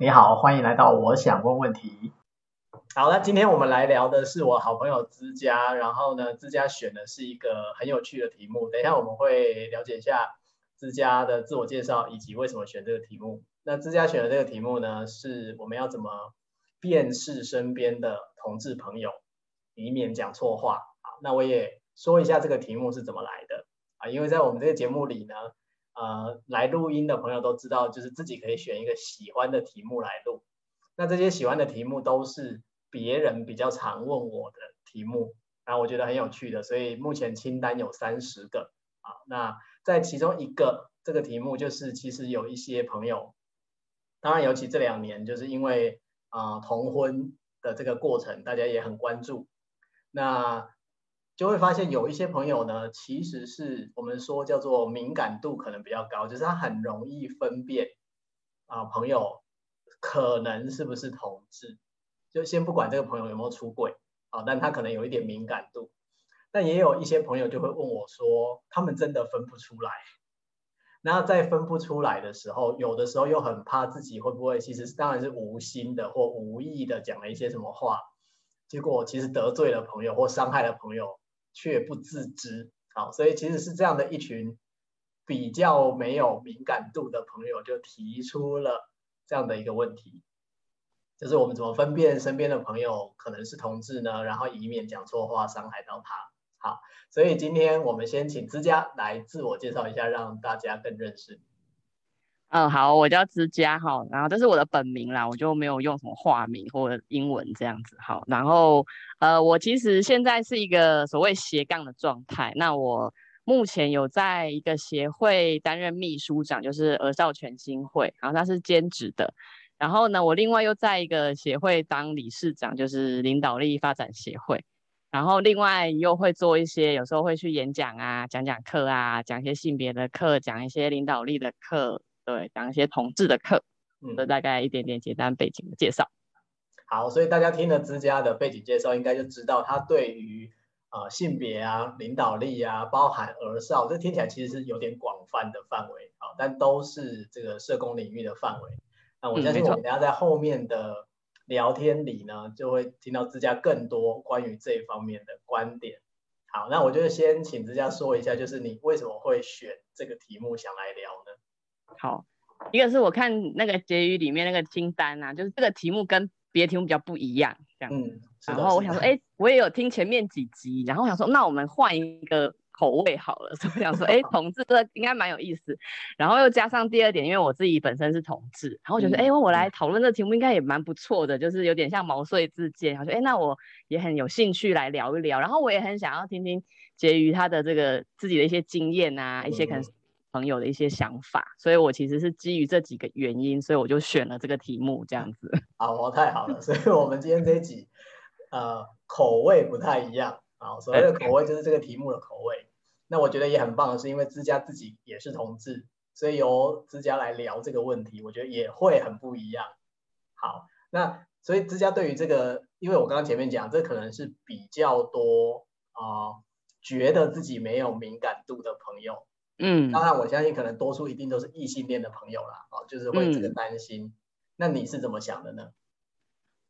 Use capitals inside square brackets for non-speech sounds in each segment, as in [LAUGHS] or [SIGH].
你好，歡迎來到我想問問題。好，那今天我們來聊的是我好朋友姿佳，然後呢，姿佳選的是一個很有趣的題目。等一下我們會了解一下姿佳的自我介紹以及為什麼選這個題目。那姿佳選的這個題目呢，是我們要怎麼辨識身邊的同志朋友，以免講錯話。好，那我也。說一下這個題目是怎麼來的啊？因為在我們這個節目裡呢，呃，來錄音的朋友都知道，就是自己可以選一個喜歡的題目來錄。那這些喜歡的題目都是別人比較常問我的題目，然後我覺得很有趣的，所以目前清單有三十個啊。那在其中一個這個題目，就是其實有一些朋友，當然尤其這兩年，就是因為啊、呃、同婚的這個過程，大家也很關注。那就會發現有一些朋友呢，其實是我們說叫做敏感度可能比較高，就是他很容易分辨。啊，朋友可能是不是同志，就先不管這個朋友有沒有出櫃啊，但他可能有一點敏感度。但也有一些朋友就會問我說，他們真的分不出來。那在分不出來的時候，有的時候又很怕自己會不會其實當然是無心的或無意的講了一些什麼話，結果其實得罪了朋友或傷害了朋友。卻不自知，好，所以其實是這樣的一群比較沒有敏感度的朋友，就提出了這樣的一個問題，就是我們怎麼分辨身邊的朋友可能是同志呢？然後以免講錯話傷害到他。好，所以今天我們先請姿佳來自我介紹一下，讓大家更認識你。嗯，好，我叫姿佳哈，然後這是我的本名啦，我就沒有用什麼化名或英文這樣子哈。然後呃，我其實現在是一個所謂斜槓的狀態。那我目前有在一個協會擔任秘書長，就是兒少權心會，然後他是兼職的。然後呢，我另外又在一個協會當理事長，就是領導力發展協會。然後另外又會做一些，有時候會去演講啊，講講課啊，講一些性別的課，講一些領導力的課。對，講一些同志的課，嗯，這大概一點點簡單背景的介紹。好，所以大家聽了姿佳的背景介紹，應該就知道他對於啊、呃、性別啊領導力啊，包含兒少，這聽起來其實是有點廣泛的範圍啊、哦，但都是這個社工領域的範圍。嗯、那我相信錯我們大家在後面的聊天裡呢，就會聽到姿佳更多關於這一方面的觀點。好，那我就先請姿佳說一下，就是你為什麼會選這個題目想來聊呢？好，一個是我看那個結語裡面那個清單啊，就是這個題目跟別的題目比較不一樣，這樣子。嗯、然後我想說，哎、嗯，我也有聽前面幾集，然後我想說，那我們換一個口味好了。所以我想說，哎哇，同志，這應該蠻有意思。然後又加上第二點，因為我自己本身是同志，然後覺、就、得、是，哎、嗯，我來討論這個題目應該也蠻不錯的，嗯、就是有點像毛遂自薦。然後，哎，那我也很有興趣來聊一聊。然後我也很想要聽聽結語他的這個自己的一些經驗啊，嗯、一些可能。朋友的一些想法，所以我其實是基於這幾個原因，所以我就選了這個題目這樣子。啊，哇，太好了！所以我們今天這一集， [LAUGHS] 呃，口味不太一樣啊。所謂的口味就是這個題目的口味。Okay. 那我覺得也很棒的是，因為姿佳自己也是同志，所以由姿佳來聊這個問題，我覺得也會很不一樣。好，那所以姿佳對於這個，因為我剛剛前面講，這可能是比較多啊、呃，覺得自己沒有敏感度的朋友。嗯，當然，我相信可能多數一定都是異性戀的朋友啦，就是會這個擔心。嗯、那你是怎麼想的呢？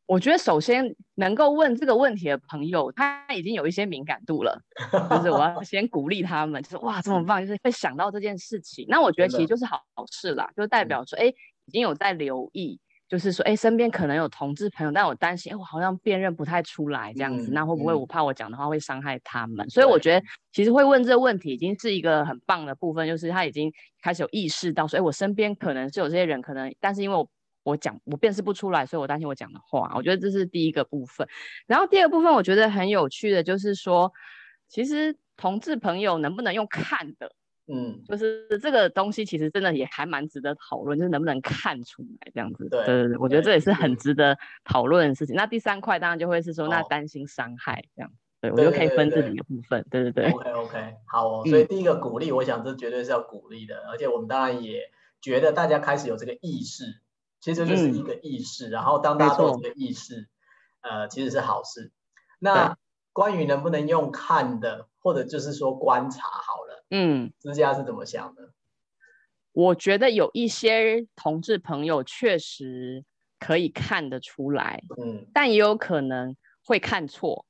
我覺得首先能夠問這個問題的朋友，他已經有一些敏感度了， [LAUGHS] 就是我要先鼓勵他們，就是哇，這麼棒，就是會想到這件事情。那我覺得其實就是好事啦，的就代表說，哎、欸，已經有在留意。就是說，哎、欸，身邊可能有同志朋友，但我擔心，哎、欸，我好像辨認不太出來這樣子，嗯嗯、那會不會我怕我講的話會傷害他們？嗯、所以我覺得，其實會問這個問題已經是一個很棒的部分，就是他已經開始有意識到說，哎、欸，我身邊可能是有這些人，可能，但是因為我我講我辨識不出來，所以我擔心我講的話，我覺得這是第一個部分。然後第二部分，我覺得很有趣的，就是說，其實同志朋友能不能用看的？嗯，就是這個東西其實真的也還蠻值得討論，就是能不能看出來這樣子。對對對，我覺得這也是很值得討論的事情。那第三塊當然就會是說，那擔心傷害這樣。對，我就可以分這幾個部分。對對對。OK OK，好哦。所以第一個鼓勵，我想這絕對是要鼓勵的，而且我們當然也覺得大家開始有這個意識，其實就是一個意識。然後當大家都有這個意識，呃，其實是好事。那關於能不能用看的，或者就是說觀察好了。嗯，姿佳是怎麼想的？我覺得有一些同志朋友確實可以看得出來，嗯，但也有可能會看錯。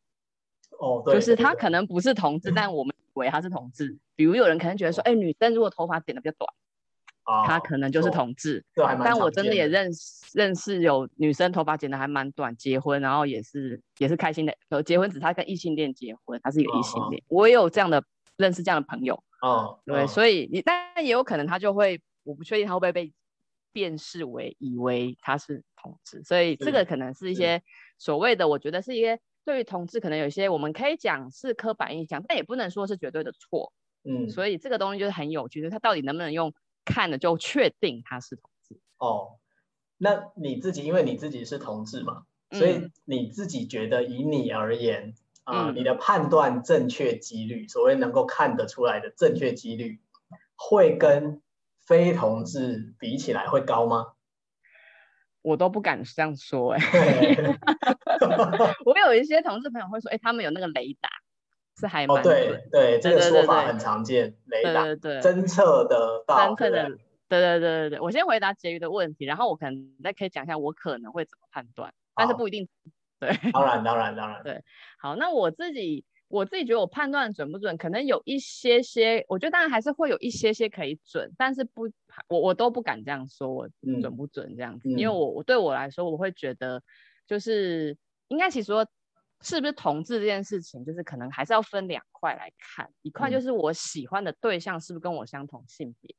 哦，對，就是他可能不是同志，嗯、但我們以為他是同志。比如有人可能覺得說，哎、嗯欸，女生如果頭髮剪得比較短，哦、他可能就是同志。但我真的也認識認識有女生頭髮剪得還蠻短，結婚，然後也是也是開心的。有結婚，只是他跟異性戀結婚，他是一個異性戀。哦、我也有這樣的認識這樣的朋友。哦，對，哦、所以你但也有可能他就會，我不確定他會不會被辨識為以為他是同志，所以這個可能是一些是是所謂的，我覺得是一些對於同志可能有些我們可以講是刻板印象，但也不能說是絕對的錯，嗯，所以這個東西就是很有趣，他到底能不能用看了就確定他是同志？哦，那你自己因為你自己是同志嘛，所以你自己覺得以你而言。嗯啊、呃，你的判斷正確幾率，嗯、所謂能夠看得出來的正確幾率，會跟非同志比起來會高嗎？我都不敢這樣說哎，我有一些同志朋友會說，哎、欸，他們有那個雷達，是還蠻、哦……對對，這個說法很常見，雷達對，偵測的偵測的，對對對對，對對對，我先回答婕妤的問題，然後我可能再可以講一下我可能會怎麼判斷，但是不一定。啊 [LAUGHS] 對，當然，當然，當然。對，好，那我自己，我自己覺得我判斷準不準，可能有一些些，我覺得當然還是會有一些些可以準，但是不，我我都不敢這樣說，我準不準這樣子，嗯，因為我我對我來說，我會覺得就是應該其實說是不是同志這件事情，就是可能還是要分兩塊來看，一塊就是我喜歡的對象是不是跟我相同性別，嗯，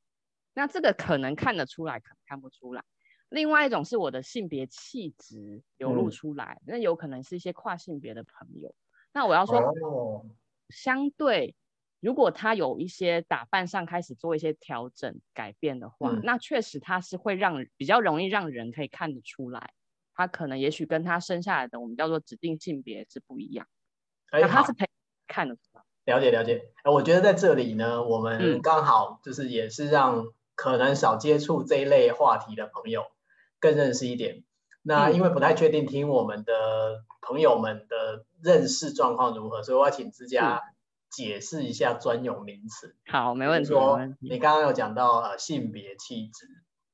那這個可能看得出來，可能看不出來。另外一種是我的性別氣質流露出來，嗯、那有可能是一些跨性別的朋友。那我要說，哦、相對如果他有一些打扮上開始做一些調整改變的話，嗯、那確實他是會讓比較容易讓人可以看得出來，他可能也許跟他生下來的我們叫做指定性別是不一樣，那、欸、他是可以看得出來。了解了解，我覺得在這裡呢，我們剛好就是也是讓可能少接觸這一類話題的朋友。更認識一點，那因為不太確定聽我們的朋友們的認識狀況如何，所以我要請姿佳解釋一下專有名詞。好，沒問題。說你剛剛有講到呃性別氣質，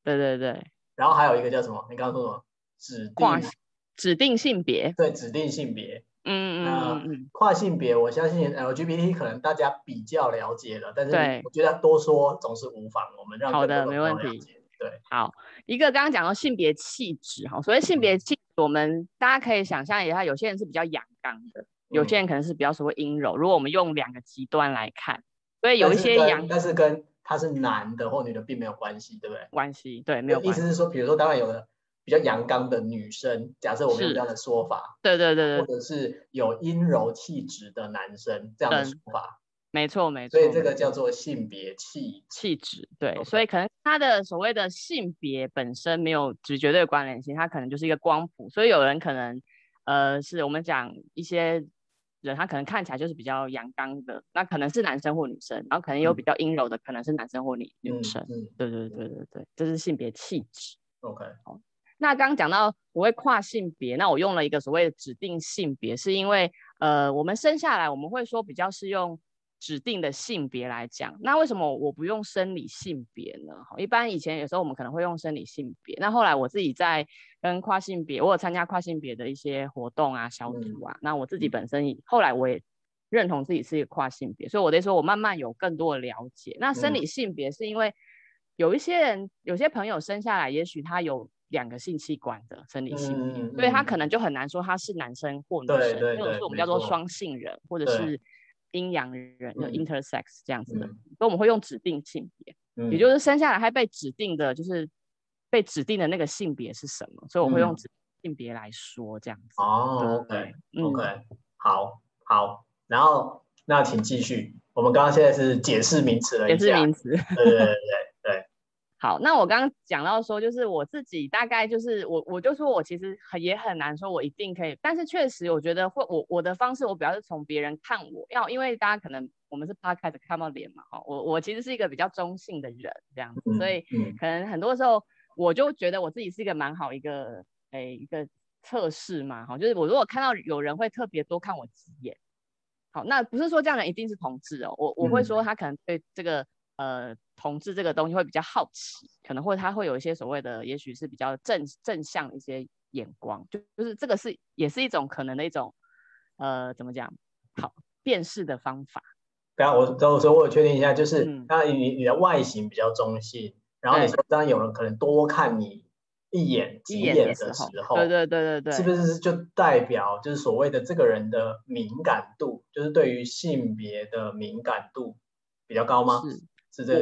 對對對，然後還有一個叫什麼？你剛剛說什麼？指定指定性別，對，指定性別。嗯嗯嗯，跨性別，我相信 LGBT 可能大家比較了解了，但是我覺得多說總是無妨，我們讓。好的，沒問題。對，好一個剛剛講到性別氣質哈，所謂性別氣質，嗯、我們大家可以想象一下，有些人是比較陽剛的，有些人可能是比較說陰柔。如果我們用兩個極端來看，所以有一些陽，但是跟他是男的或女的並沒有關係，對不對？關係，對，沒有關係。意思是說，比如說，當然有的比較陽剛的女生，假設我們有這樣的說法，對對對對，或者是有陰柔氣質的男生這樣的說法。嗯沒錯，沒錯，所以這個叫做性別氣氣質，對，Okay. 所以可能他的所謂的性別本身沒有直絕對的關聯性，他可能就是一個光譜，所以有人可能，呃，是我們講一些人，他可能看起來就是比較陽剛的，那可能是男生或女生，然後可能有比較陰柔的，可能是男生或女女生，嗯、對對對對對，這、嗯、是性別氣質，OK，好，那剛剛講到我會跨性別，那我用了一個所謂的指定性別，是因為呃，我們生下來我們會說比較適用。指定的性別來講，那為什麼我不用生理性別呢？一般以前有時候我們可能會用生理性別，那後來我自己在跟跨性別，我有參加跨性別的一些活動啊、小組啊，嗯、那我自己本身後來我也認同自己是一個跨性別，所以我得說我慢慢有更多的了解。那生理性別是因為有一些人，有些朋友生下來也許他有兩個性器官的生理性別，嗯嗯、所以他可能就很難說他是男生或女生，對對、或者是我們叫做雙性人沒錯、或者是。陰陽人，就 intersex 這樣子的，所以、嗯、我們會用指定性別，嗯、也就是生下來還被指定的，就是被指定的那個性別是什麼，嗯、所以我們會用指定性別來說這樣子。哦，OK，OK，好好，然後那請繼續，我們剛剛現在是解釋名詞了，解釋名詞，對對對對。 [LAUGHS] 好，那我剛剛講到說，就是我自己大概就是我，我就說，我其實也很難說，我一定可以，但是確實我覺得會，我我的方式，我比較是從別人看我要，要因為大家可能我們是 Podcast，看不到臉嘛，哈，我我其實是一個比較中性的人這樣子，所以可能很多時候我就覺得我自己是一個蠻好一個，哎，一個測試嘛，哈，就是我如果看到有人會特別多看我幾眼，好，那不是說這樣人一定是同志哦，我我會說他可能對這個。嗯呃，同志這個東西會比較好奇，可能或者他會有一些所謂的，也許是比較正正向的一些眼光，就就是這個是也是一種可能的一種，呃，怎麼講？好辨識的方法。等下我等我說我有確定一下，就是，那你、嗯、你的外形比較中性，然後你說對當然有人可能多看你一眼幾眼的，一眼的時候，對對對對對，是不是就代表就是所謂的這個人的敏感度，就是對於性別的敏感度比較高嗎？是。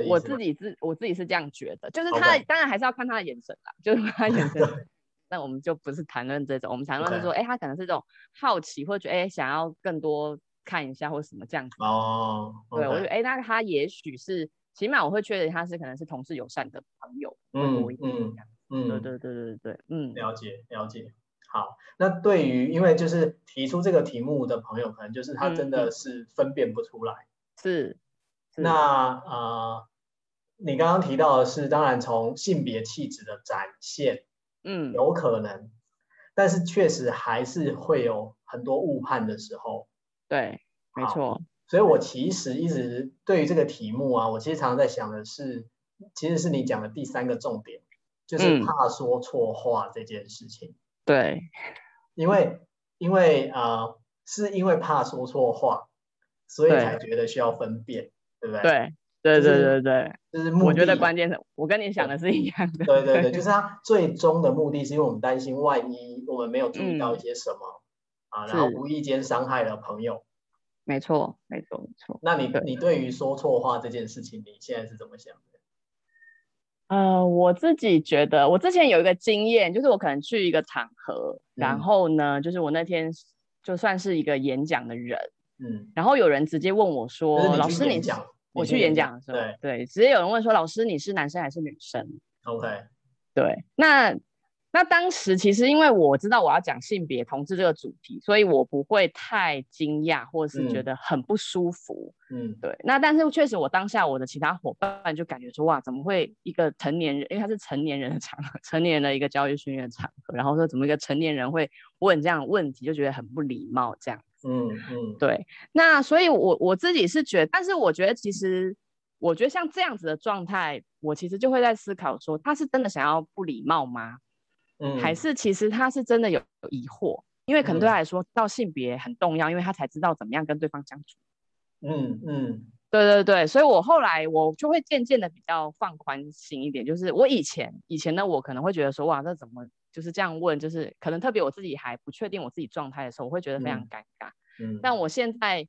我我自己自我自己是這樣覺得，就是他 Okay. 當然還是要看他的眼神啦，就是他眼神。那 [LAUGHS] 我們就不是談論這種，我們談論是說，哎 Okay.、欸，他可能是這種好奇，或者覺得哎、欸、想要更多看一下，或什麼這樣子。哦。Oh, okay. 對，我覺得哎、欸，那他也許是，起碼我會確認他是可能是同志友善的朋友。嗯嗯，嗯嗯對對對對對，嗯，了解了解。好，那對於、嗯、因為就是提出這個題目的朋友，可能就是他真的是分辨不出來。嗯嗯、是。 [NOISE] 那呃，你剛剛提到的是，當然從性別氣質的展現，嗯，有可能，但是確實還是會有很多誤判的時候。對，沒錯。所以，我其實一直對於這個題目啊，我其實常常在想的是，其實是你講的第三個重點，就是怕說錯話這件事情。嗯、對。因為，因為啊，是因為怕說錯話，所以才覺得需要分辨。對不對，對，對對對對，就是、就是、目我覺得關鍵是，我跟你想的是一樣的、嗯。對對對，就是他最終的目的，是因為我們擔心萬一我們沒有注意到一些什麼、嗯、啊，是然後無意間傷害了朋友。沒錯，沒錯，沒錯。那你對的你對於說錯話這件事情，你現在是怎麼想的？呃，我自己覺得，我之前有一個經驗，就是我可能去一個場合，嗯、然後呢，就是我那天就算是一個演講的人。嗯，然後有人直接問我說：“老師你，你講我去演講的時候，對，對，直接有人問說，老師你是男生還是女生？OK，對，那那當時其實因為我知道我要講性別同志這個主題，所以我不會太驚訝或者是覺得很不舒服。嗯，嗯對，那但是確實我當下我的其他夥伴就感覺說，哇，怎麼會一個成年人，因為他是成年人的場合，成年人的一個教育訓練的場合，然後說怎麼一個成年人會問這樣的問題，就覺得很不禮貌這樣。”嗯嗯，嗯對，那所以我，我我自己是覺得，但是我覺得其實，我覺得像這樣子的狀態，我其實就會在思考說，他是真的想要不禮貌嗎？嗯，還是其實他是真的有疑惑，因為可能對他來說，嗯、到性別很重要，因為他才知道怎麼樣跟對方相處。嗯嗯，嗯對對對，所以我後來我就會漸漸的比較放寬心一點，就是我以前以前呢，我可能會覺得說，哇，這怎麼？就是這樣問，就是可能特別我自己還不確定我自己狀態的時候，我會覺得非常尷尬。嗯，嗯但我現在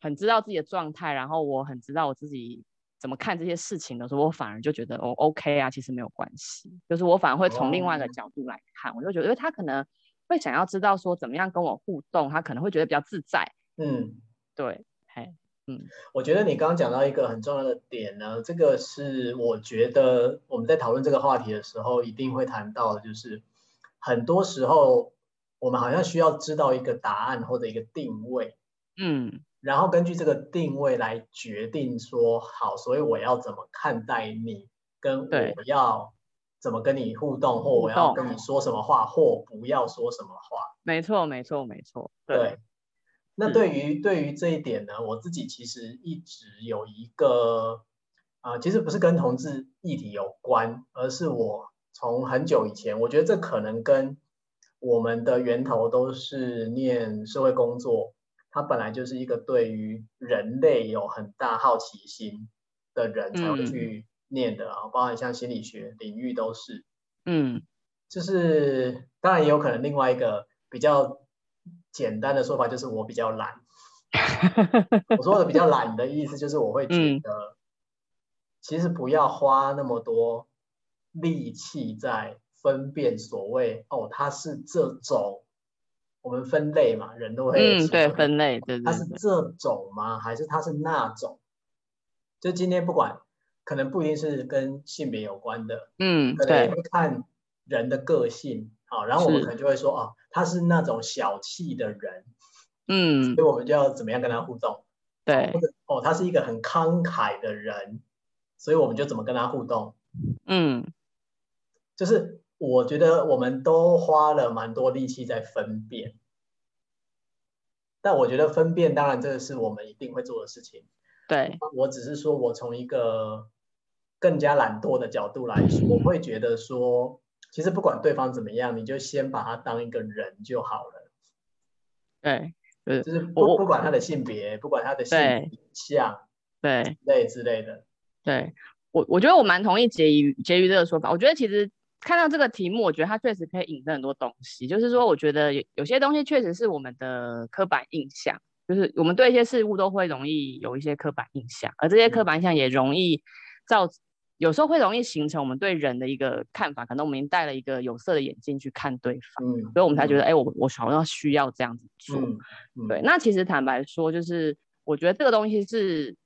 很知道自己的狀態，然後我很知道我自己怎麼看這些事情的時候，我反而就覺得我、哦、OK 啊，其實沒有關係。就是我反而會從另外一個角度來看，哦、我就覺得因為他可能會想要知道說怎麼樣跟我互動，他可能會覺得比較自在。嗯，嗯對，嘿，嗯，我覺得你剛剛講到一個很重要的點呢，這個是我覺得我們在討論這個話題的時候一定會談到的，就是。很多時候，我們好像需要知道一個答案或者一個定位，嗯，然後根據這個定位來決定說，好，所以我要怎麼看待你，跟我要怎麼跟你互動，對或我要跟你說什麼話，錯或不要說什麼話。沒錯，沒錯，沒錯。對，嗯、那對於對於這一點呢，我自己其實一直有一個，啊、呃，其實不是跟同志議題有關，而是我。從很久以前，我覺得這可能跟我們的源頭都是念社會工作，它本來就是一個對於人類有很大好奇心的人才會去念的啊，嗯、包括像心理學領域都是，嗯，就是當然也有可能另外一個比較簡單的說法就是我比較懶， [LAUGHS] 我說的比較懶的意思就是我會覺得，嗯、其實不要花那麼多。力氣在分辨所謂哦，他是這種，我們分類嘛，人都會嗯，對分類，對，他是這種嗎？還是他是那種？就今天不管，可能不一定是跟性別有關的，嗯，對，看人的個性，好對，然後我們可能就會說是哦，他是那種小氣的人，嗯，所以我們就要怎麼樣跟他互動，對，或者哦，他是一個很慷慨的人，所以我們就怎麼跟他互動，嗯。就是我覺得我們都花了蠻多力氣在分辨，但我覺得分辨當然這個是我們一定會做的事情。對，我只是說，我從一個更加懶惰的角度來說，我會覺得說，其實不管對方怎麼樣，你就先把他當一個人就好了。對，就是，就是不我不管他的性別，我不管他的性向，對，之類之類的。對我，我覺得我蠻同意“結餘”“結餘”這個說法。我覺得其實。看到這個題目，我覺得它確實可以引申很多東西。就是說，我覺得有有些東西確實是我們的刻板印象，就是我們對一些事物都會容易有一些刻板印象，而這些刻板印象也容易造，嗯、有時候會容易形成我們對人的一個看法，可能我們已經戴了一個有色的眼鏡去看對方，嗯、所以我們才覺得，哎、嗯欸，我我好像需要這樣子做。嗯嗯、對，那其實坦白說，就是我覺得這個東西是。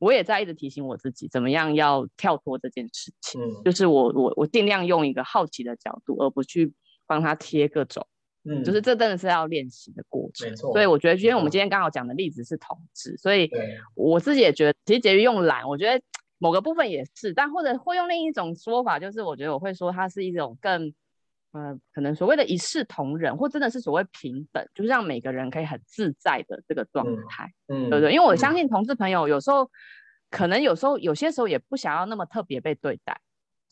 我也在一直提醒我自己，怎麼樣要跳脫這件事情。嗯，就是我我我盡量用一個好奇的角度，而不去幫他貼各種。嗯，就是這真的是要練習的過程。沒錯，所以我覺得，因為我們今天剛好講的例子是同志。所以我自己也覺得，其實結局用懶，我覺得某個部分也是，但或者會用另一種說法，就是我覺得我會說它是一種更。呃，可能所謂的一視同仁，或真的是所謂平等，就是讓每個人可以很自在的這個狀態，嗯，嗯，對不對？因為我相信同志朋友有時候，嗯、可能有時候有些時候也不想要那麼特別被對待。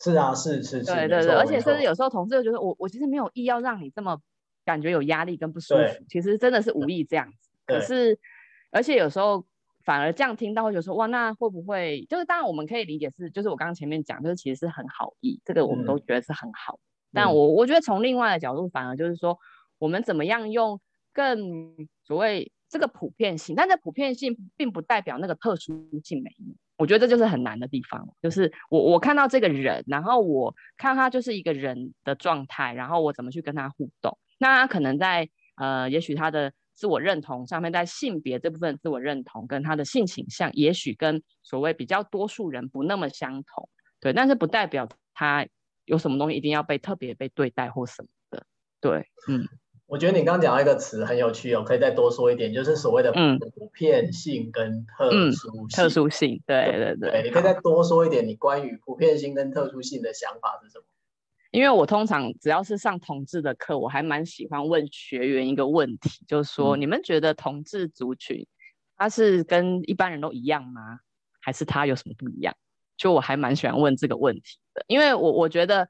是啊，嗯、是是是，對，錯對對對。而且甚至有時候同志就覺得我，我我其實沒有意要讓你這麼感覺有壓力跟不舒服，對其實真的是無意這樣子。嗯、可是，對而且有時候反而這樣聽到，或者說哇，那會不會就是當然我們可以理解是，就是我剛剛前面講，就是其實是很好意，這個我們都覺得是很好。嗯但我我覺得從另外的角度，反而就是說，我們怎麼樣用更所謂這個普遍性，但這普遍性並不代表那個特殊性沒有，我覺得這就是很難的地方，就是我我看到這個人，然後我看他就是一個人的狀態，然後我怎麼去跟他互動？那他可能在呃，也許他的自我認同上面，在性別這部分自我認同跟他的性傾向，也許跟所謂比較多數人不那麼相同，對，但是不代表他。有什麼東西一定要被特別被對待或什麼的？對，嗯，我覺得你剛剛講到一個詞很有趣哦，可以再多說一點，就是所謂的普遍性跟特殊性、嗯、特殊性。對對對，你可以再多說一點，你關於普遍性跟特殊性的想法是什麼？因為我通常只要是上同志的課，我還蠻喜歡問學員一個問題，就是說、嗯、你們覺得同志族群他是跟一般人都一樣嗎？還是他有什麼不一樣？就我還蠻喜歡問這個問題。因為我我覺得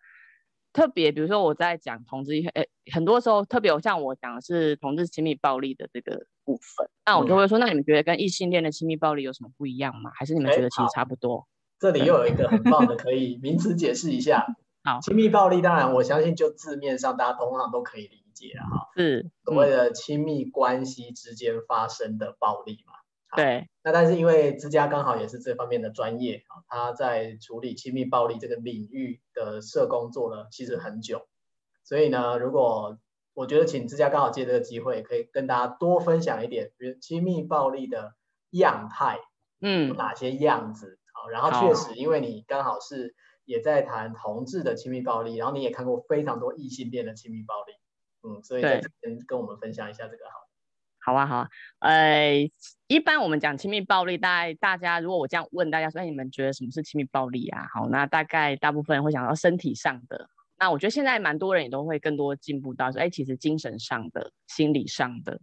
特別，比如說我在講同志、欸，很多時候特別有像我講的是同志親密暴力的這個部分，那我就會說，嗯、那你們覺得跟異性戀的親密暴力有什麼不一樣嗎？還是你們覺得其實差不多？欸、對這裡又有一個很棒的，可以名詞解釋一下。 [LAUGHS] 好，親密暴力，當然我相信就字面上大家通常都可以理解了哈，是、嗯、所謂的親密關係之間發生的暴力嘛。對，那但是因為姿佳剛好也是這方面的專業啊，他在處理親密暴力這個領域的社工做了其實很久，所以呢，如果我覺得請姿佳剛好借這個機會，可以跟大家多分享一點，比如親密暴力的樣態，嗯，哪些樣子好、啊，然後確實因為你剛好是也在談同志的親密暴力，然後你也看過非常多異性戀的親密暴力，嗯，所以先跟我們分享一下這個好。好啊，好啊，呃，一般我們講親密暴力，大大家如果我這樣問大家說，哎，你們覺得什麼是親密暴力啊？好，那大概大部分人會想到身體上的，那我覺得現在蠻多人也都會更多進步到說，哎，其實精神上的、心理上的。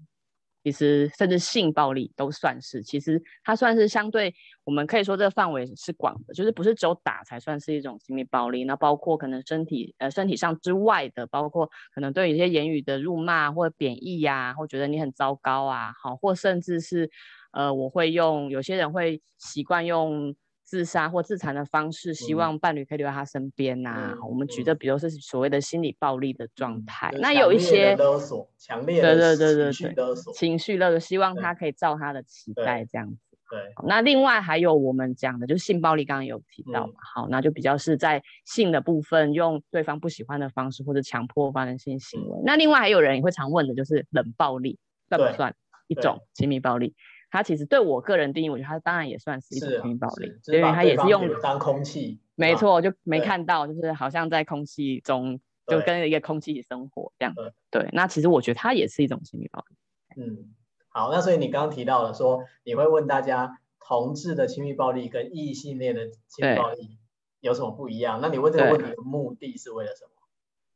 其實，甚至性暴力都算是，其實它算是相對，我們可以說這個範圍是廣的，就是不是只有打才算是一種親密暴力，那包括可能身體呃，身體上之外的，包括可能對有些言語的辱罵或貶義呀、啊，或覺得你很糟糕啊，好、哦，或甚至是呃，我會用有些人會習慣用。自殺或自殘的方式，希望伴侶可以留在他身邊呐、啊。嗯、我們舉的，比如說是所謂的心理暴力的狀態，嗯、那有一些勒索，強烈的對對對對情緒勒索，希望他可以照他的期待這樣子。對,對，那另外還有我們講的，就是性暴力，剛剛有提到嘛，嗯、好，那就比較是在性的部分，用對方不喜歡的方式或者強迫發生性行為。嗯、那另外還有人也會常問的，就是冷暴力算不算對一種親密暴力？他其實對我個人定義，我覺得他當然也算是一種親密暴力，因為他也是用當空氣，沒錯，就沒看到，對就是好像在空氣中就跟一個空氣生活這樣。對，對，對，那其實我覺得他也是一種親密暴力。嗯，好，那所以你剛剛提到了說你會問大家，同志的親密暴力跟異性戀的親密暴力有什麼不一樣？對那你問這個問題的目的是為了什麼？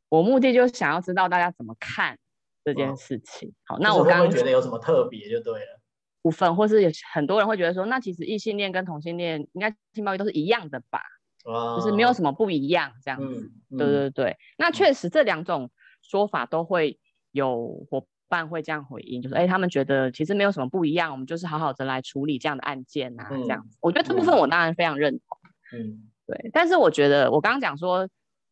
我目的就是想要知道大家怎麼看這件事情。嗯、好，那我剛剛覺得有什麼特別就對了。部分，或是有很多人會覺得說，那其實異性戀跟同性戀應該性暴力都是一樣的吧，Wow. 就是沒有什麼不一樣這樣子。嗯、對對對，嗯、那確實這兩種說法都會有夥伴會這樣回應，就是哎、欸，他們覺得其實沒有什麼不一樣，我們就是好好的來處理這樣的案件啊，這樣子。嗯、我覺得這部分我當然非常認同。嗯，對，但是我覺得我剛剛講說。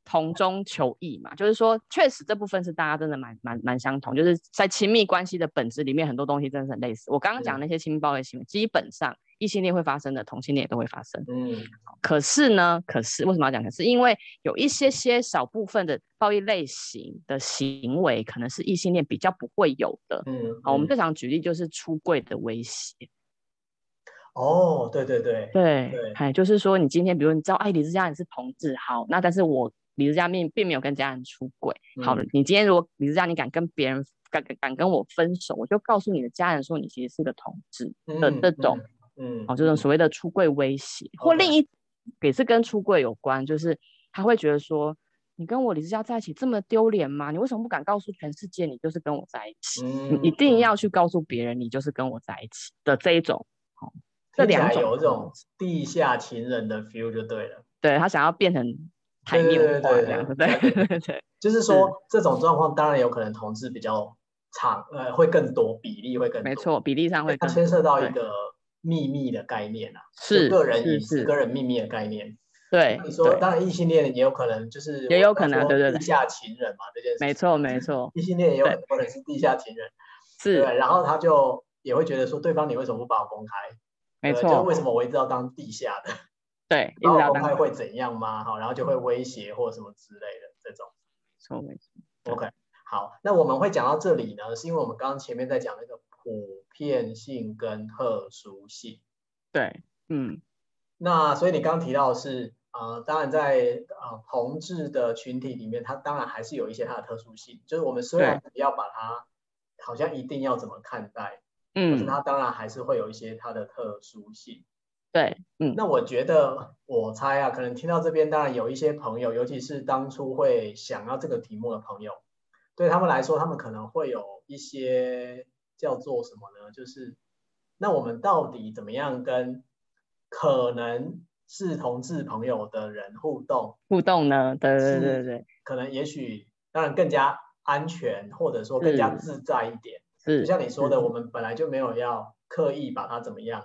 同中求異嘛，就是說，確實這部分是大家真的蠻蠻蠻相同，就是在親密關係的本質裡面，很多東西真的是很類似。我剛剛講那些親密暴力行為，嗯、基本上異性戀會發生的，同性戀也都會發生。嗯，可是呢，可是為什麼要講可是？因為有一些些少部分的暴力類型的行為，可能是異性戀比較不會有的。嗯，好、嗯啊，我們最常舉例就是出櫃的威脅。哦，對對對對，對哎，就是說，你今天比如你知道，哎你這家人是同志，好，那但是我。李姿佳並並沒有跟家人出櫃。嗯、好了，你今天如果李姿佳，你敢跟別人敢敢跟我分手，我就告訴你的家人說你其實是一個同志的這、嗯、種，嗯，哦，這、就、種、是、所謂的出櫃威脅，嗯、或另一 Okay. 也是跟出櫃有關，就是他會覺得說，你跟我李姿佳在一起這麼丟臉嗎？你為什麼不敢告訴全世界你就是跟我在一起？嗯、你一定要去告訴別人你就是跟我在一起的這一種，好、哦，這兩有一種、嗯、地下情人的 feel 就對了，對他想要變成。對對對對對，就是說這種狀況當然有可能同志比較長，呃，會更多比例會更多。沒錯，比例上會。它牽涉到一個秘密的概念啊，是個人隱私、個人秘密的概念。對，你說當然異性戀也有可能，就是也有可能對對對，地下情人嘛，這件事。沒錯沒錯，異性戀也有很多是地下情人。是，然後他就也會覺得說，對方你為什麼不把我公開？沒錯，為什麼我一直要當地下的？對，然後公開會怎樣嗎？好對，然後就會威脅或什麼之類的這種。OK，好，那我們會講到這裡呢，是因為我們剛剛前面在講那個普遍性跟特殊性。對，嗯，那所以你剛剛提到的是，呃，當然在呃同志的群體裡面，它當然還是有一些它的特殊性。就是我們雖然對要把它，好像一定要怎麼看待，嗯，可是它當然還是會有一些它的特殊性。對，嗯，那我覺得，我猜啊，可能聽到這邊，當然有一些朋友，尤其是當初會想要這個題目的朋友，對他們來說，他們可能會有一些叫做什麼呢？就是，那我們到底怎麼樣跟可能是同志朋友的人互動互動呢？對對對對，可能也許當然更加安全，或者說更加自在一點。是就像你說的，是我們本來就沒有要刻意把它怎麼樣。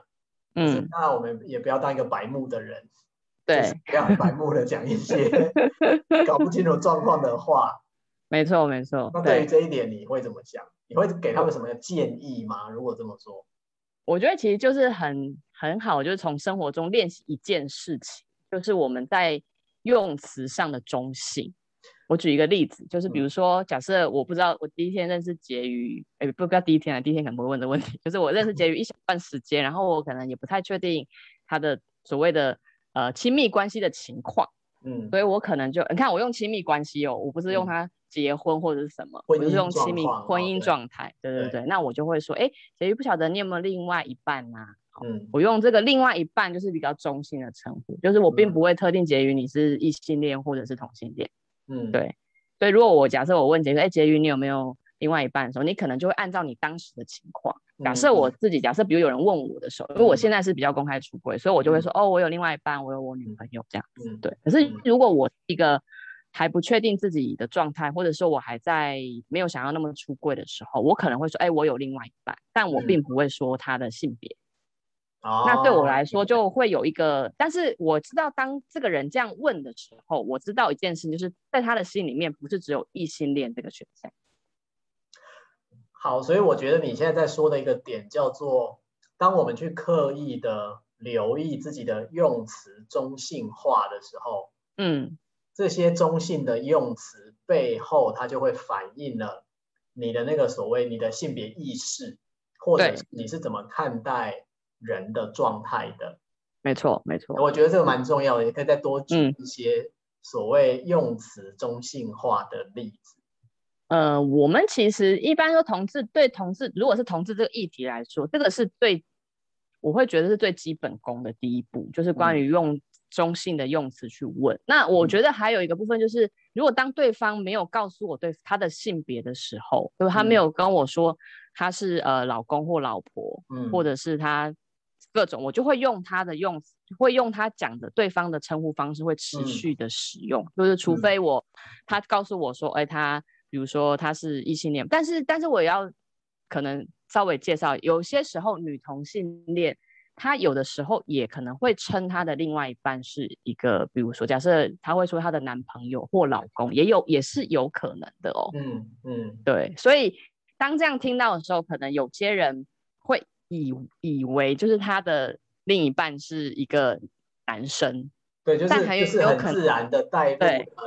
嗯，那我們也不要當一個白目的人，對，就是不要很白目的講一些搞不清楚狀況的話。 [LAUGHS] 沒錯，沒錯。那對於這一點，對你會怎麼講？你會給他們什麼建議嗎？如果這麼說，我覺得其實就是很很好，就是從生活中練習一件事情，就是我們在用詞上的中性。我舉一個例子，就是比如說，假設我不知道我第一天認識婕妤，哎、欸，不，不要第一天啊，第一天可能不會問的問題，就是我認識婕妤一小段時間， [LAUGHS] 然後我可能也不太確定她的所謂的呃親密關係的情況，嗯，所以我可能就你看我用親密關係哦，我不是用她結婚或者是什麼，嗯、我是用親密婚姻狀態，對對對，對對那我就會說，哎、欸，婕妤不曉得你有沒有另外一半吶、啊？嗯，我用這個另外一半就是比較中性的稱呼，就是我並不會特定婕妤你是異性戀或者是同性戀。嗯，對，所以如果我假設我問婕妤，哎、欸，婕妤你有沒有另外一半的時候，你可能就會按照你當時的情況。假設我自己，假設比如有人問我的時候，因為我現在是比較公開出櫃，所以我就會說，嗯、哦，我有另外一半，我有我女朋友這樣子。嗯、對，可是如果我一個還不確定自己的狀態，或者說我還在沒有想要那麼出櫃的時候，我可能會說，哎、欸，我有另外一半，但我並不會說他的性別。嗯 [NOISE] 那對我來說就會有一個，但是我知道當這個人這樣問的時候，我知道一件事，就是在他的心裡面不是只有異性戀這個選項。好，所以我覺得你現在在說的一個點叫做，當我們去刻意的留意自己的用詞中性化的時候，嗯，這些中性的用詞背後，它就會反映了你的那個所謂你的性別意識，或者你是怎麼看待。人的狀態的。沒錯沒錯，我覺得這個蠻重要的，嗯、也可以再多舉一些所謂用詞中性化的例子、嗯。呃，我們其實一般說同志，對同志，如果是同志這個議題來說，這個是對，我會覺得是最基本功的第一步，就是關於用中性的用詞去問。嗯、那我覺得還有一個部分就是，如果當對方沒有告訴我對他的性別的時候，嗯、就他沒有跟我說他是呃老公或老婆，嗯、或者是他。各種我就會用他的用，會用他講的對方的稱呼方式，會持續的使用，嗯、就是除非我、嗯、他告訴我說，哎，他比如說他是異性戀，但是但是我也要可能稍微介紹，有些時候女同性戀，他有的時候也可能會稱他的另外一半是一個，比如說假設他會說他的男朋友或老公，也有也是有可能的哦。嗯嗯，嗯對，所以當這樣聽到的時候，可能有些人會。以以為就是他的另一半是一個男生，對，就是但有可能是很自然的帶入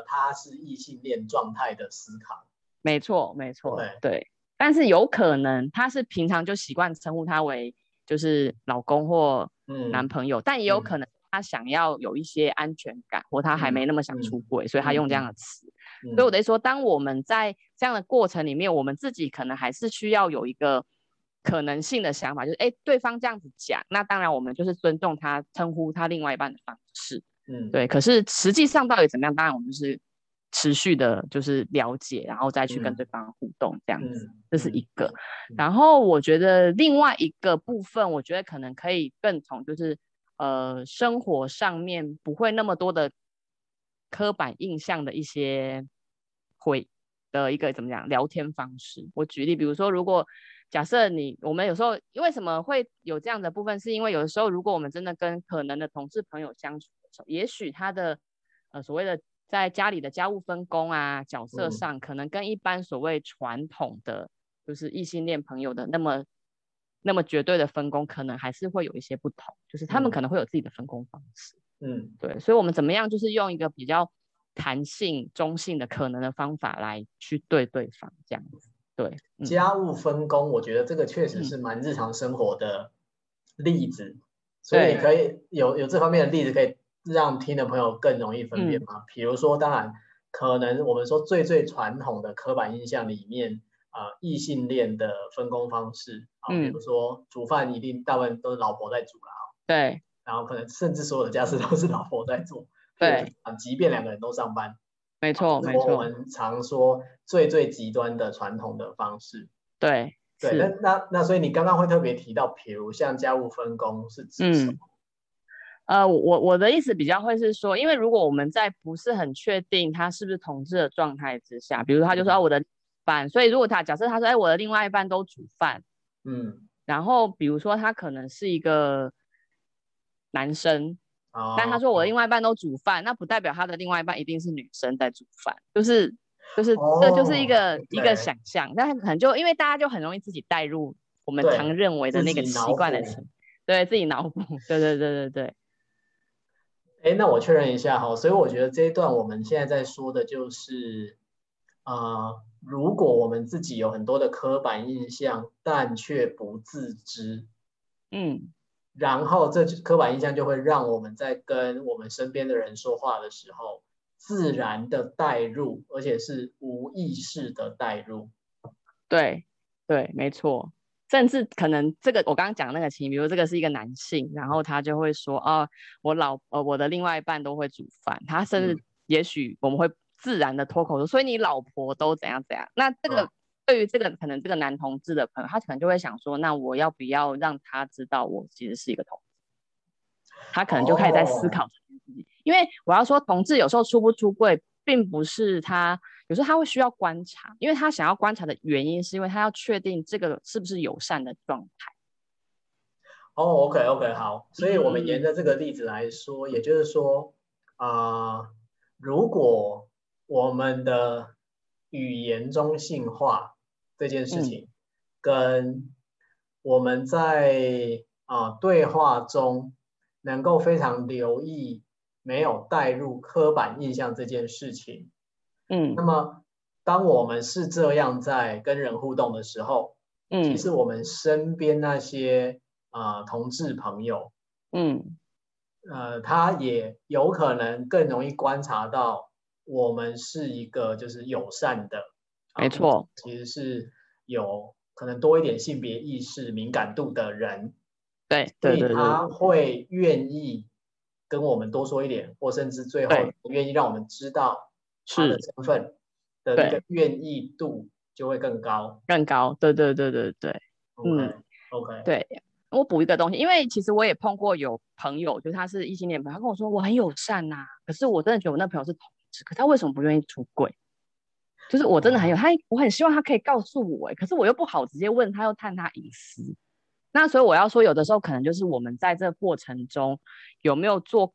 他是異性戀狀態的思考，沒錯，沒錯，對，對。但是有可能他是平常就習慣稱呼他為就是老公或男朋友，嗯、但也有可能他想要有一些安全感，嗯、或他還沒那麼想出櫃，嗯、所以他用這樣的詞。嗯嗯、所以我在說，當我們在這樣的過程裡面，我們自己可能還是需要有一個。可能性的想法就是，哎、欸，對方這樣子講，那當然我們就是尊重他稱呼他另外一半的方式，嗯，對。可是實際上到底怎麼樣？當然我們就是持續的，就是了解，然後再去跟對方互動這樣子，嗯、這是一個。嗯嗯、然後我覺得另外一個部分，我覺得可能可以更從就是，呃，生活上面不會那麼多的刻板印象的一些會的一個怎麼講聊天方式。我舉例，比如說如果。假設你我們有時候，為什麼會有這樣的部分，是因為有的時候，如果我們真的跟可能的同志朋友相處的時候，也許他的呃所謂的在家裡的家務分工啊，角色上，嗯、可能跟一般所謂傳統的就是異性戀朋友的那麼那麼絕對的分工，可能還是會有一些不同，就是他們可能會有自己的分工方式。嗯，對，所以我們怎麼樣，就是用一個比較彈性中性的可能的方法來去對對方這樣子。對，嗯、家務分工，我覺得這個確實是蠻日常生活的例子，嗯、所以可以有有這方面的例子，可以讓聽的朋友更容易分辨嗎？嗯、比如說，當然，可能我們說最最傳統的刻板印象裡面，啊、呃，異性戀的分工方式，啊，比如說、嗯、煮飯一定大部分都是老婆在煮了、啊，對、嗯，然後可能甚至所有的家事都是老婆在做，對、嗯，嗯、即便兩個人都上班。沒錯，啊、我們常說最最極端的傳統的方式。對對，對是那那，那所以你剛剛會特別提到，比如像家務分工是指什麼、嗯？呃，我我的意思比較會是說，因為如果我們在不是很確定他是不是同志的狀態之下，比如他就說、嗯、啊，我的伴，所以如果他假設他說，哎，我的另外一半都煮飯，嗯，然後比如說他可能是一個男生。但他說我的另外一半都煮飯，oh, 那不代表他的另外一半一定是女生在煮飯，就是就是、oh, 這就是一個對一個想象，但可能就因為大家就很容易自己帶入我們常認為的那個習慣的層，對，自己，對自己腦補，對對對對對。誒，那我確認一下哈，所以我覺得這一段我們現在在說的就是，啊、呃，如果我們自己有很多的刻板印象，但卻不自知，嗯。然後，這刻板印象就會讓我們在跟我們身邊的人說話的時候，自然的帶入，而且是無意識的帶入。對，對，沒錯。甚至可能這個我剛剛講那個情，比如這個是一個男性，然後他就會說啊、哦，我老呃我的另外一半都會煮飯，他甚至也許我們會自然的脫口說，嗯、所以你老婆都怎樣怎樣？那這個。嗯對於這個可能這個男同志的朋友，他可能就會想說：那我要不要讓他知道我其實是一個同志？他可能就開始在思考、oh. 因為我要說，同志有時候出不出櫃，並不是他，有時候他會需要觀察，因為他想要觀察的原因，是因為他要確定這個是不是友善的狀態。哦、oh，OK，OK，okay, okay, 好。所以，我們沿着這個例子來說，也就是說，呃、如果我們的語言中性化。這件事情，跟我們在啊、呃、對話中能夠非常留意沒有帶入刻板印象這件事情，嗯，那麼當我們是這樣在跟人互動的時候，嗯，其實我們身邊那些啊、呃、同志朋友，嗯，呃，他也有可能更容易觀察到我們是一個就是友善的。沒錯，其實是有可能多一點性別意識敏感度的人，對，對，他會願意跟我們多說一點，對或甚至最後願意讓我們知道他的身份的那個願意度就會更高，更高，對對對對對，對對 okay, 嗯，OK，對，我補一個東西，因為其實我也碰過有朋友，就是、他是異性戀朋友，他跟我說我很友善吶、啊，可是我真的覺得我那朋友是同志，可他為什麼不願意出櫃？就是我真的很有他，我很希望他可以告訴我，可是我又不好直接問他，又探他隱私。那所以我要說，有的時候可能就是我們在這過程中有沒有做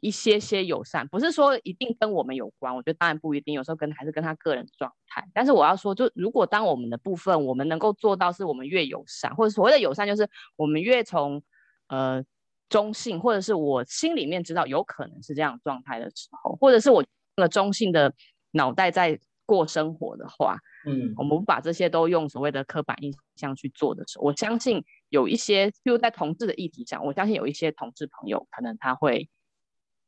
一些些友善，不是說一定跟我們有關。我覺得當然不一定，有時候跟還是跟他個人狀態。但是我要說，就如果當我們的部分，我們能夠做到，是我們越友善，或者所謂的友善，就是我們越從呃中性，或者是我心裡面知道有可能是這樣狀態的時候，或者是我那個中性的腦袋在。過生活的話，嗯，我們不把這些都用所謂的刻板印象去做的時候，我相信有一些，譬如，在同志的議題上，我相信有一些同志朋友，可能他會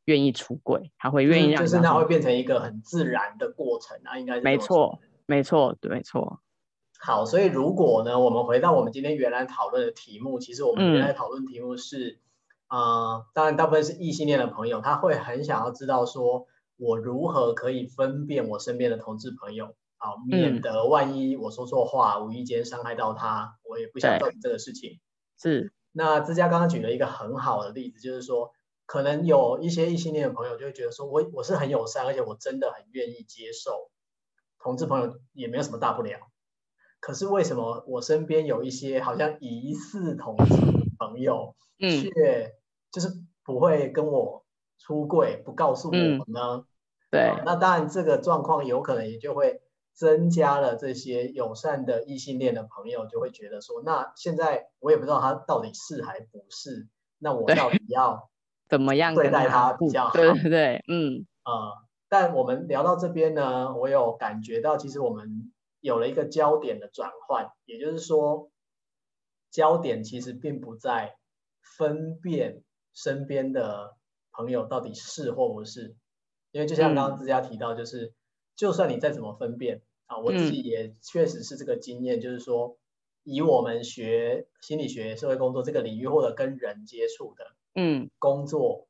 願意出櫃，他會願意讓他，嗯，就是那會變成一個很自然的過程那，啊，應該是沒錯，沒錯，對，沒錯。好，所以如果呢，我們回到我們今天原來討論的題目，其實我們原來討論的題目是，嗯、呃，當然大部分是異性戀的朋友，他會很想要知道說。我如何可以分辨我身邊的同志朋友好、啊，免得萬一我說錯話，嗯、無意間傷害到他，我也不想做這個事情。是，那姿佳剛剛舉了一個很好的例子，就是說，可能有一些異性戀的朋友就會覺得說我，我我是很友善，而且我真的很願意接受同志朋友，也沒有什麼大不了。可是為什麼我身邊有一些好像疑似同志朋友，嗯、卻就是不會跟我出櫃，不告訴我呢？嗯對、嗯，那當然，這個狀況有可能也就會增加了這些友善的異性戀的朋友，就會覺得說，那現在我也不知道他到底是還不是，對那我到底要怎麼樣對待他比較好？對對對，嗯，啊、呃，但我們聊到這邊呢，我有感覺到，其實我們有了一個焦點的轉換，也就是說，焦點其實並不在分辨身邊的朋友到底是或不是。因為就像剛剛姿佳提到，就是就算你再怎麼分辨啊，我自己也確實是這個經驗，就是說，以我們學心理學、社會工作這個領域或者跟人接觸的，嗯，工作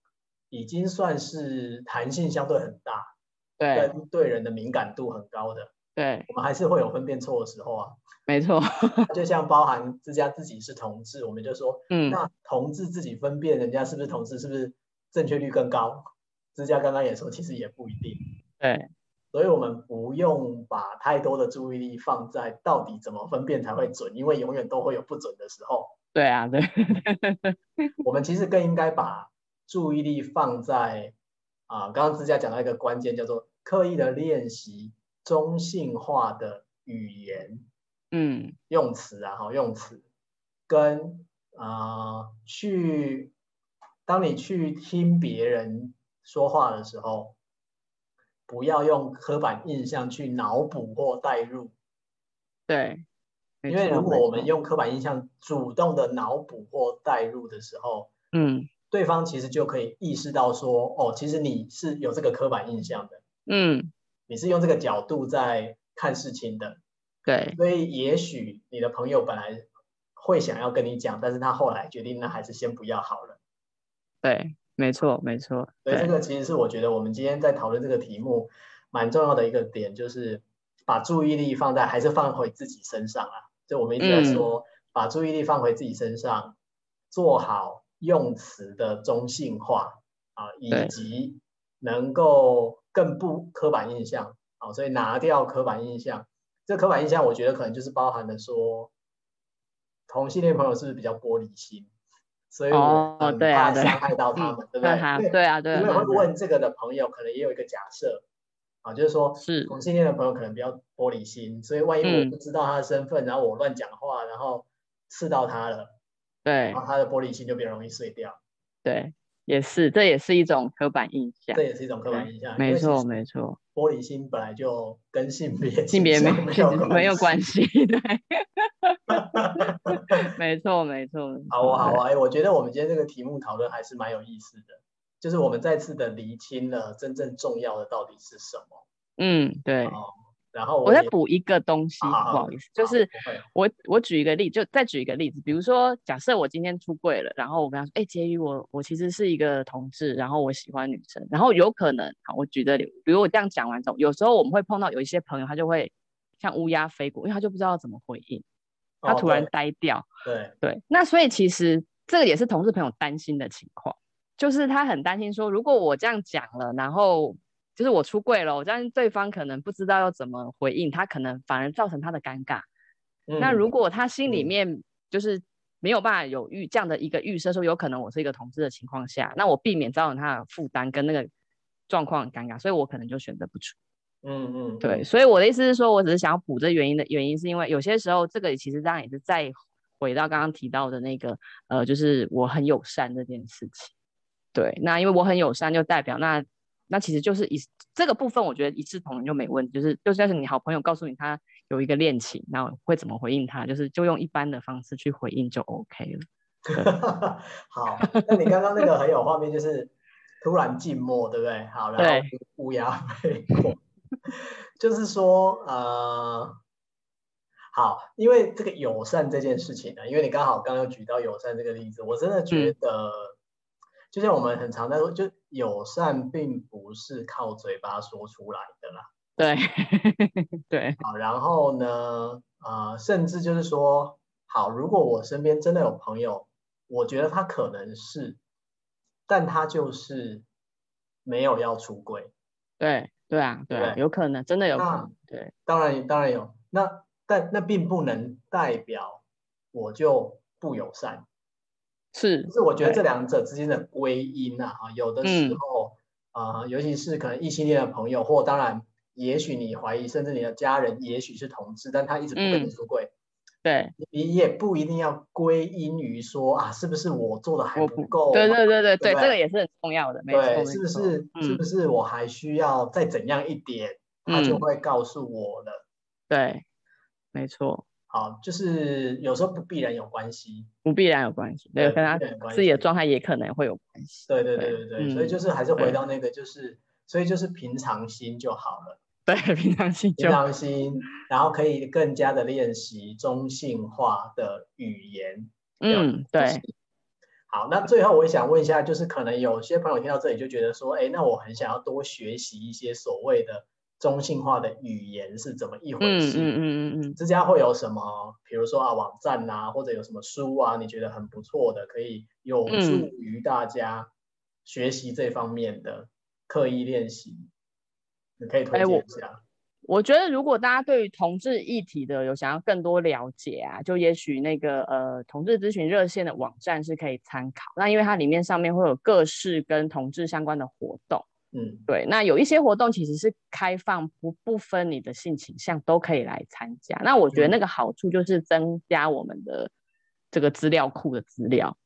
已經算是彈性相對很大，對，對人的敏感度很高的，對，我們還是會有分辨錯的時候啊，沒錯，就像包含姿佳自己是同志，我們就說，嗯，那同志自己分辨人家是不是同志，是不是正確率更高？姿佳剛剛也說，其實也不一定。哎對，所以我們不用把太多的注意力放在到底怎麼分辨才會準，因為永遠都會有不準的時候。對啊，對。 [LAUGHS] 我們其實更應該把注意力放在啊、呃，剛剛姿佳講到一個關鍵，叫做刻意的練習中性化的語言，嗯，用詞啊，好用詞，跟啊、呃、去，當你去聽別人。說話的時候，不要用刻板印象去腦補或代入，對，因為如果我們用刻板印象主動的腦補或代入的時候，嗯，對方其實就可以意識到說，哦，其實你是有這個刻板印象的，嗯，你是用這個角度在看事情的，對，所以也許你的朋友本來會想要跟你講，但是他後來決定那還是先不要好了，對。沒錯，沒錯。所以這個其實是我覺得我們今天在討論這個題目，蠻重要的一個點，就是把注意力放在還是放回自己身上啊。就我們一直在說，嗯、把注意力放回自己身上，做好用詞的中性化啊、呃，以及能夠更不刻板印象啊對、哦。所以拿掉刻板印象，這刻板印象我覺得可能就是包含了說，同性戀朋友是不是比較玻璃心？所以哦，對啊，傷害到他們，對啊，對？啊，對啊。因為問這個的朋友可能也有一個假設啊，就是說，是同性戀的朋友可能比較玻璃心，所以萬一我不知道他的身份，然後我亂講話，然後刺到他了，對，然後他的玻璃心就比較容易碎掉。對，也是，這也是一種刻板印象。這也是一種刻板印象。沒錯，沒錯。玻璃心本來就跟性別、性別沒有沒有關係，對。哈哈哈沒錯沒錯，好啊好啊，哎對、欸，我覺得我們今天這個題目討論還是蠻有意思的，就是我們再次的釐清了真正重要的到底是什麼。嗯，對。然後我再補一個東西，啊、不好意思，啊、就是我我舉一個例子，就再舉一個例子，比如說假設我今天出櫃了，然後我跟他說，哎、欸，婕妤，我我其實是一個同志，然後我喜歡女生，然後有可能，好，我舉個例，比如我這樣講完之後，有時候我們會碰到有一些朋友，他就會像烏鴉飛過，因為他就不知道怎麼回應。他突然呆掉，哦、對對、對，那所以其實這個也是同志朋友擔心的情況，就是他很擔心說，如果我這樣講了，然後就是我出櫃了，我相信對方可能不知道要怎麼回應，他可能反而造成他的尷尬。嗯、那如果他心裡面就是沒有辦法有預、嗯、這樣的一個預設說，說有可能我是一個同志的情況下，那我避免造成他的負擔跟那個狀況很尷尬，所以我可能就選擇不出。嗯嗯，對，所以我的意思是說，我只是想要補這原因的原因，是因為有些時候這個其實這樣也是再回到剛剛提到的那個呃，就是我很友善這件事情。對，那因為我很友善，就代表那那其實就是一這個部分，我覺得一視同仁就沒問題。就是就算是你好朋友告訴你他有一個戀情，那我會怎麼回應他？就是就用一般的方式去回應就 OK 了。 [LAUGHS] 好，那你剛剛那個很有畫面，就是突然靜默， [LAUGHS] 對默，對不對？好，然後烏鴉飛過。 [LAUGHS] 就是說，呃，好，因為這個友善這件事情呢，因為你剛好剛剛舉到友善這個例子，我真的覺得，嗯、就像我們很常在說，就友善並不是靠嘴巴說出來的啦。對，對，好，然後呢，呃，甚至就是說，好，如果我身邊真的有朋友，我覺得他可能是，但他就是沒有要出櫃。對。對啊，對啊，對有可能，真的有可能。那對，當然當然有。那但那並不能代表我就不友善，是是，是我覺得這兩者之間的歸因啊，對啊，有的時候啊、嗯呃，尤其是可能異性戀的朋友，或當然，也許你懷疑，甚至你的家人，也許是同志，但他一直不跟你出櫃。嗯對，你也不一定要歸因於說啊，是不是我做的還不夠？對對對對對，這個也是很重要的，沒錯。是不是是不是我還需要再怎樣一點，他就會告訴我的？對，沒錯。好，就是有時候不必然有關係，不必然有關係，沒有跟他自己的狀態也可能會有關係。對對對對對，所以就是還是回到那個，就是所以就是平常心就好了。對，平常心，平常心，然後可以更加的練習中性化的語言。嗯，對。好，那最後我也想問一下，就是可能有些朋友聽到這裡就覺得說，哎，那我很想要多學習一些所謂的中性化的語言是怎麼一回事？嗯嗯嗯嗯，這家會有什麼？比如說啊，網站啊，或者有什麼書啊？你覺得很不錯的，可以有助於大家學習這方面的刻意練習。嗯哎、欸，我我覺得如果大家對於同志議題的有想要更多了解啊，就也許那個呃，同志諮詢熱線的網站是可以參考。那因為它裡面上面會有各式跟同志相關的活動，嗯，對。那有一些活動其實是開放不不分你的性傾向都可以來參加。那我覺得那個好處就是增加我們的這個資料庫的資料。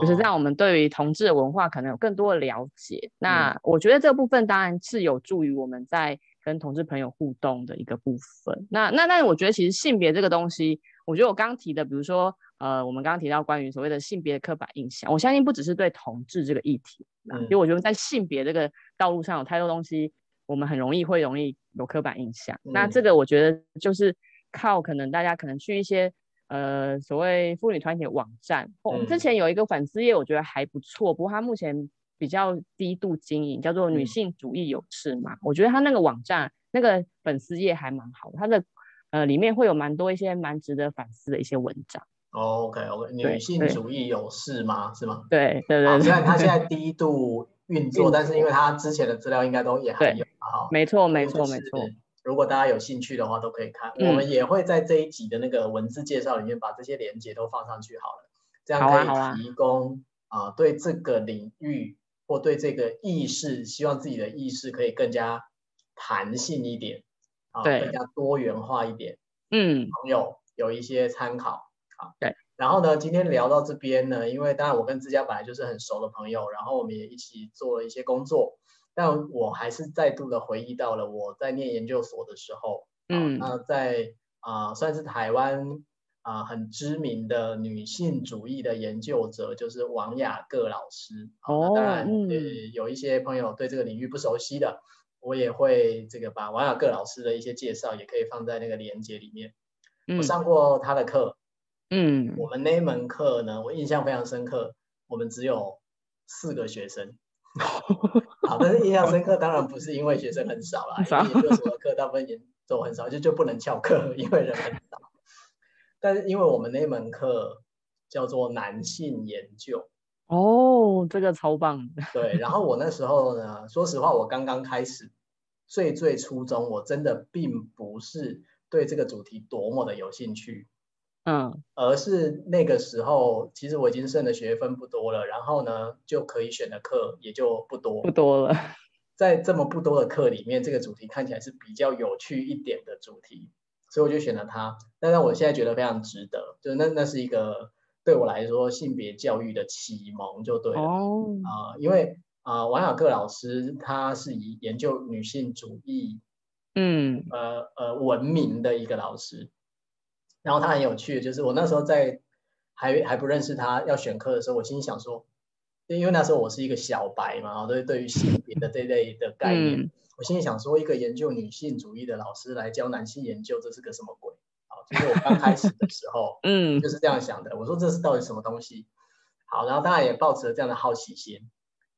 就是讓我們對於同志的文化可能有更多的了解，那我覺得這個部分當然是有助於我們在跟同志朋友互動的一個部分。那那那我覺得其實性別這個東西，我覺得我剛提的，比如說呃，我們剛剛提到關於所謂的性別刻板印象，我相信不只是對同志這個議題，因為我覺得在性別這個道路上有太多東西，我們很容易會容易有刻板印象。那這個我覺得就是靠可能大家可能去一些。呃，所謂婦女團體的網站、哦，之前有一個粉絲頁，我覺得還不錯。嗯、不過它目前比較低度經營，叫做女性主義有事嗎？嗯、我覺得它那個網站那個粉絲頁還蠻好，它的呃裡面會有蠻多一些蠻值得反思的一些文章。OK，OK，女性主義有事嗎？對是嗎？對對對。啊、雖然它現在低度運作，作但是因為它之前的資料應該都也還有。沒錯，沒錯，沒錯。如果大家有興趣的話，都可以看。嗯、我們也會在這一集的那個文字介紹裡面把這些連接都放上去好了，這樣可以提供啊，啊、呃，對這個領域或對這個意識，希望自己的意識可以更加彈性一點啊，對更加多元化一點。嗯，朋友有一些參考啊。對。然後呢，今天聊到這邊呢，因為當然我跟姿佳本來就是很熟的朋友，然後我們也一起做了一些工作，但我還是再度的回憶到了我在念研究所的時候，嗯、啊，那在啊、呃、算是台灣啊、呃、很知名的女性主義的研究者，就是王雅各老師。哦啊、當然，有一些朋友對這個領域不熟悉的，我也會這個把王雅各老師的一些介紹也可以放在那個鏈接裡面。嗯、我上過他的課，嗯，我們那一門課呢，我印象非常深刻，我們只有四個學生。 [LAUGHS] [LAUGHS] 好，但是印象深刻當然不是因為學生很少啦，研究所的課，大部分研究所都很少，早 就就不能翹課，因為人很少。 [LAUGHS] 但是因為我們那門課叫做男性研究，哦，這個超棒。對，然後我那時候呢， [LAUGHS] 說實話，我剛剛開始，最最初衷，我真的並不是對這個主題多麼的有興趣。嗯，而是那個時候，其實我已經剩的學分不多了，然後呢，就可以選的課也就不多，不多了。在這麼不多的課裡面，這個主題看起來是比較有趣一點的主題，所以我就選了它。但是我現在覺得非常值得，就那那是一個對我來說性別教育的啟蒙，就對了。哦。啊、呃，因為啊、呃，王雅克老師他是以研究女性主義，嗯，呃呃聞名的一個老師。然後他很有趣，就是我那時候在還還不認識他要選課的時候，我心裡想說，因為那時候我是一個小白嘛，對，對於性別的這類的概念，嗯、我心裡想說，一個研究女性主義的老師來教男性研究，這是個什麼鬼？好，就是我剛開始的時候，嗯， [LAUGHS] 就是這樣想的。我說這是到底什麼東西？好，然後當然也抱持了這樣的好奇心，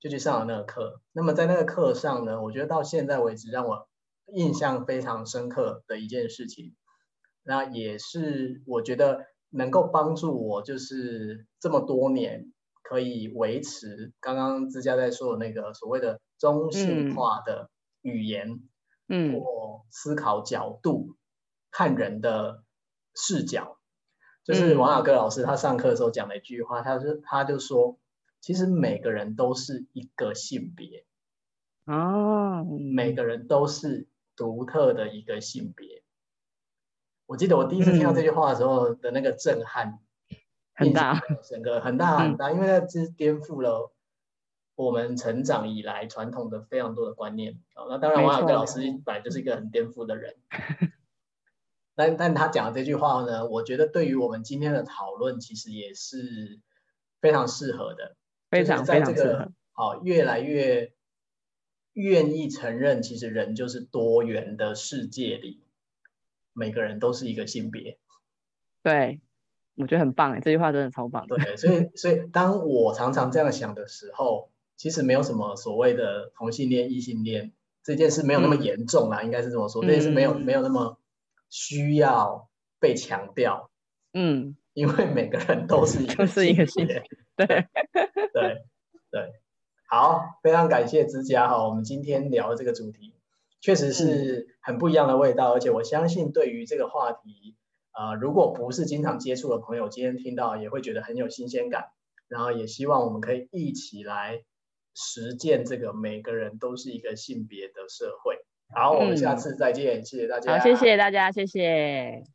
就去上了那個課。那麼在那個課上呢，我覺得到現在為止讓我印象非常深刻的一件事情。那也是，我覺得能夠幫助我，就是這麼多年可以維持剛剛姿佳在說的那個所謂的中性化的語言，嗯，我思考角度、嗯嗯、看人的視角，就是王雅各老師他上課的時候講了一句話，嗯、他就他就說，其實每個人都是一個性別啊，每個人都是獨特的一個性別。我記得我第一次聽到這句話的時候的那個震撼、嗯、很大，整個很大、嗯、很大，因為那是顛覆了我們成長以來傳統的非常多的觀念。嗯哦、那當然我、啊，王雅各老師本來就是一個很顛覆的人，嗯、但但他講的這句話呢，我覺得對於我們今天的討論，其實也是非常適合的，非常在這個好、哦、越來越願意承認，其實人就是多元的世界裡。每個人都是一個性別，對我覺得很棒哎，這句話真的超棒的。對，所以所以當我常常這樣想的時候，其實沒有什麼所謂的同性戀、異性戀，這件事沒有那麼嚴重啦，嗯、應該是這麼說，嗯、這件事沒有沒有那麼需要被強調。嗯，因為每個人都是一個性別。性對對對，好，非常感謝姿佳哈，我們今天聊這個主題。確實是很不一樣的味道，而且我相信對於這個話題，啊、呃，如果不是經常接觸的朋友，今天聽到也會覺得很有新鮮感。然後也希望我們可以一起來實踐這個，每個人都是一個性別的社會。然後我們下次再見，嗯、謝謝大家。好，謝謝大家，謝謝。